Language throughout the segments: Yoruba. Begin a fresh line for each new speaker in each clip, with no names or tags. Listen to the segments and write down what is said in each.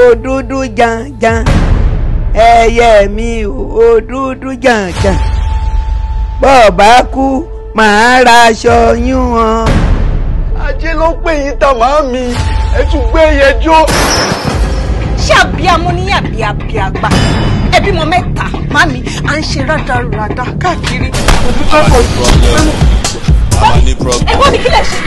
òdúdú janjan ẹyẹ mi òdúdú janjan bọ́ọ̀ bá kú màá ra aṣọ yún wọn. ajé ló pè yín ta màá mi ẹ tún gbé ẹyẹ jó. ṣé àbíamú ní àbí àbí àgbà ẹbí mọ mẹ́ta má mi à ń ṣe rádaràda káàkiri. àwọn ní problem. àwọn ní problem. ẹ̀gbọ́n mi kílẹ̀ ṣe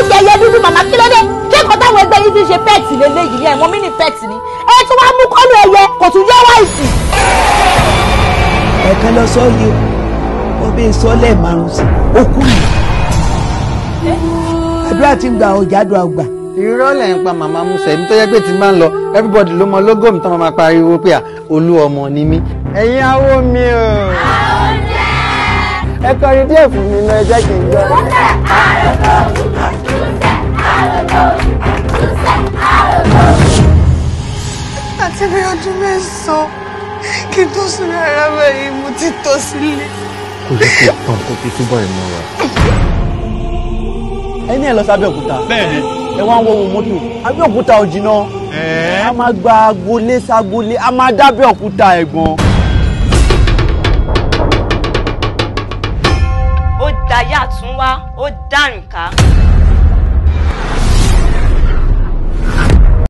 ẹ̀jẹ̀ ẹ̀yẹ dúdú màmá kí ló dé ṣé nǹkan táwọn ẹgbẹ́ yìí fi ṣe pẹ́ẹ̀tì lélẹ́yìí ẹ̀wọ̀n mí ní pẹ́ẹ̀tì ni ẹ tún wá mú kọ́lù ẹ̀yẹ kò tún yọ wáìtì. ẹ̀ẹ̀kan lọ sọ yìí o ọbẹ̀ sọlẹ̀ márùn sí okú mi. àdúrà ti ń gba ọjà àdúrà gbà. irọ́ lẹ̀ ń pa màmá musa èmi tó yẹ pé tí máa ń lọ everybody ló mọ lógó mi tó máa pariwo pé olú ọmọ ni mí. ẹ̀yin awo mi o. àwọn jẹ́. ẹ kọrin díẹ̀ fún mi náà ẹ jẹ́ kí n gbọ́. wọ́n tẹ̀ àrùn tó ṣe bí ọdún mẹ́sàn-án kí n tó sùn rárá báyìí mo ti tọ́ sílé. kò lè kó tán kó tó túbọ̀ ìmọ̀ra. lo ẹ lọ sí Abẹ́òkúta. bẹ́ẹ̀ni. ẹ wá ń wọ ohun mọ́tò Abẹ́òkúta ò jìnnà. a máa gba agboolé sagboolé a máa dábẹ́ òkúta ẹ̀gbọ́n. ó dayà tún wá ó dárìn ká.